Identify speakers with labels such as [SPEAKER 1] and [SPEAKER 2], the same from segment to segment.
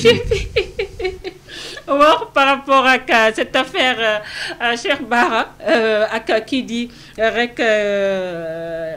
[SPEAKER 1] J'ai par rapport à cette affaire euh, à Cherbara, euh, à qui dit que euh,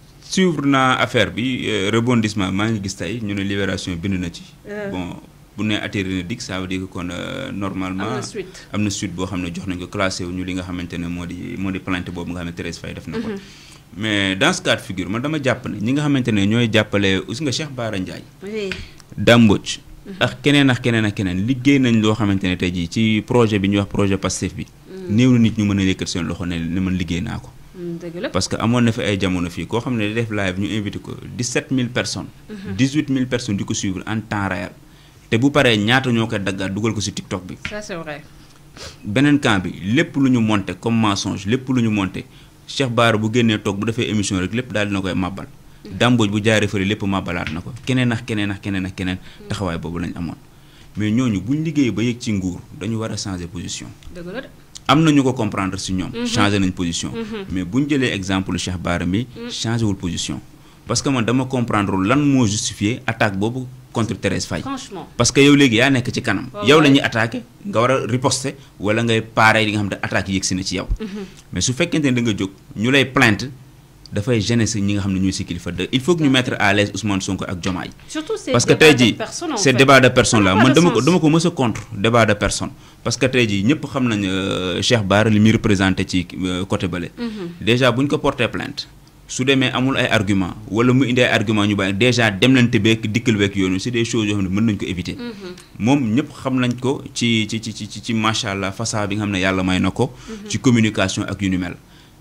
[SPEAKER 2] suivre affaire bi euh, rebondissement ma ngi gis tay ñu libération ci. Euh. bon bu ça veut dire que euh, normalement. amna suite suite jox classé wu ñu li nga xamantene Thérèse def na mhm. mais dans ce cas de figure man dama ñi nga xamantene ñoy jappalé nga Cheikh Bara Ndiaye. oui mhm. ak keneen ak keneen ak keneen liggéey nañ loo xamante ne tey ci projet bi ñuy wax projet bi. Mhm. nit ñu mën a seen loxo ne ne man liggéey naa ko parce que amoon na fi ay jamono invité ko personnes. 000 mhm. personnes en temps réel. te bu paree ñaata ñoo TikTok ça c'est vrai. beneen camp bi lépp lu ñu monté comme mensonge lépp lu ñu monté Cheikh bu bu émission rek lépp dina koy mhm. bu lépp lañ mais ñooñu buñ liggéey ba yëg ci nguur dañu changer amna ñu ko comprendre si ñom mhm. changer nañ position. Mhm. mais buñ jëlé exemple Cheikh barami changer mhm. changé wul position. parce que man dama comprendre lan mo justifier attaque bobu contre Thérèse Faye. franchement parce que yow légui ya nek ci kanam. yow la ñuy attaqué nga wara a riposter wala ngay paare li nga xam attaque yexina ci yow. mais su fekkente ne da nga jóg ñu lay plainte dafay gêner si ñi nga xam ne ñuy si kilifa de il faut que ñu mettre à l'aise Ousmane Sonko ak surtout parce que tey jii ces débat de personne là man dama ko dama ko mës a contre débat de personne parce que tey jii ñëpp xam nañ euh, Cheikh Bara li muy représenté ci euh, côté bële mhm. déjà bu ñu ko porté plainte su demee amul ay argument wala mu indi ay argument ñu bàyyi déjà dem lante beek dikkal beek yoonu c'est des choses yoo xam ne mën nañ ko éviter mhm. moom ñëpp xam nañ ko ci ci ci ci ci macha allah façade bi nga xam ne yàlla may na ko mhm. ci communication ak yu ni mel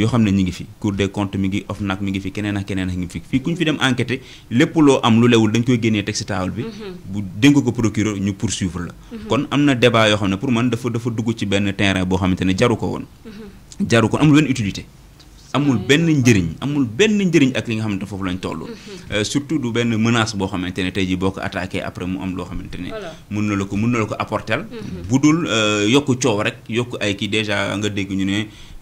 [SPEAKER 2] yoo xam ne ñi ngi fi cour des comptes mi ngi nag mi ngi fi keneen ak keneen ak ngi fi fii ku ñu fi dem enquêter lépp loo am lu lewul dañ koy génnee teg si taabal bi mm-hmm. bu dénk ko procureur ñu poursuivre la mm-hmm. kon am na débat yoo xam ne pour man dafa dafa dugg ci benn terrain boo xamante ne jaru ko woon mm-hmm. jaru ko amul benn utilité amul benn njëriñ amul benn njëriñ ak li nga xamante foofu lañ toll. Mhm. Euh, surtout du benn menace boo xamante ne tey jii boo ko attaqué après mu am loo xamante ne. mun na la ko mun na la ko apportel mhm. bu dul euh, yokk coow rek yokk ay kii dèjà nga dégg ñu ne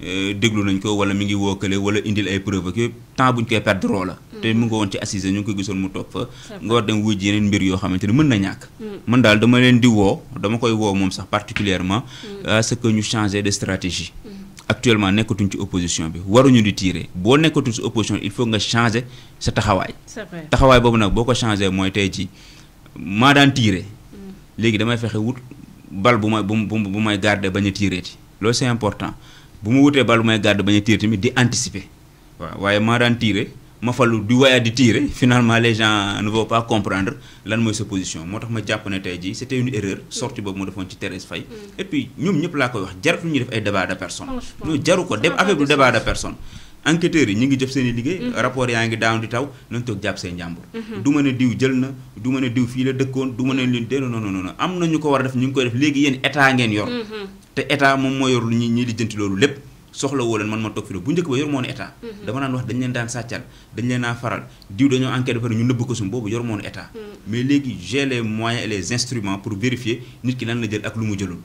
[SPEAKER 2] euh, déglu nañ ko wala mi ngi woo wookale wala indil ay preuve ak yooyu temps buñ koy perdre la. Mhm. te mu ngi woon ci assise ñu ngi ko gisoon mu topp fa. nga war dem wuy yeneen mbir yoo xamante ne mën na ñàkk. mën daal dama leen di woo dama koy woo moom sax particulièrement à que ñu changer de stratégie. actuellement nekkatuñ ci opposition bi waruñu di tirer boo nekkatuñ ci opposition il faut nga changer sa taxawaay. taxawaay boobu nag boo ko changer moy tay ci ma dan tirer. Mm. légui damay fexé wut bal bu may bu bu may garder baña a tirer ci c'est important bu mu wutee bal bu may garder baña tirer tamit di anticiper waaw waaye ma dan tirer ma falu di waaye di tirer finalement les gens ne vont pas comprendre lan mooy sa position moo ma jàpp ne tey jii c' une erreur sortie boobu mo defon ci Thérèse fay mm. et puis ñom ñep la koy wax jarru ñu def ay débat de personne ñu jarru ko dem affaire du débat de personne enquêteur yi ñi ngi jëf seen i liggéey mm-hmm. rapport yaa ngi daaw di taw nañ toog jàpp seen njàmbur mm-hmm. du ma ne diw jël na du ma ne diw fii la dëkkoon du ma ne mm-hmm. leen non non non am nañu ko war a def ñu ngi koy def léegi yéen état ngeen yor te état moom moo yor lu ñi ñi lijjanti loolu lépp soxla woo leen man ma tok fi bu ñëk ba yor moone état mhm. dama naan wax dañ leen daan sàccal dañ leen faral diw dañoo enquête ba ñu neub ko sum bobu yor moone état mhm. mais légui j'ai les moyens et les instruments pour vérifier nit ki lan la jël ak lu mu jëlul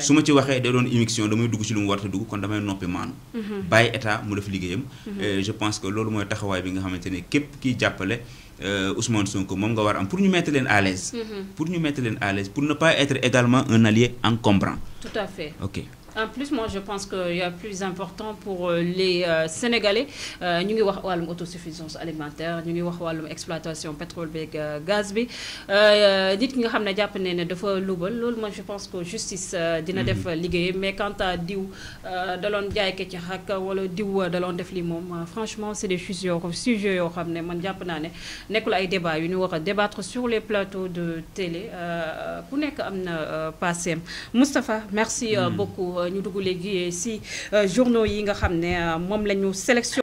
[SPEAKER 2] su ma ci waxé da doon émission damay dugg ci lu mu war dugg kon damay noppi maanu mhm. bàyyi état mu def liggéeyam euh, je pense que lolu moy taxaway bi nga xamanteni ne ki jappalé Euh, Ousmane Sonko moom nga war am pour ñu mettre leen à l'aise pour ñu mettre leen à l'aise pour ne pas être également un allié encombrant tout à fait ok
[SPEAKER 1] en plus moi je pense qu'il y a plus important pour euh, les euh, Sénégalais euh, ñu ngi wax wàllum autosuffisance alimentaire ñu ngi wax wàllum exploitation pétrole beeg gaz bi Dit ki nga xam ne jàpp ne dafa moi je pense que justice dina mm-hmm. def ligue. mais quant à diw daloon jaay keccax ak wala diw daloon def li moom franchement c'est des sujets que nous avons man jàpp naa ne nekkul ay débat yu ñu war débattre sur les plateaux de télé ku nekk am na passé merci mm-hmm. beaucoup ñu dugg léegi euh, si euh, journaux yi nga xam ne euh, moom la ñu sélection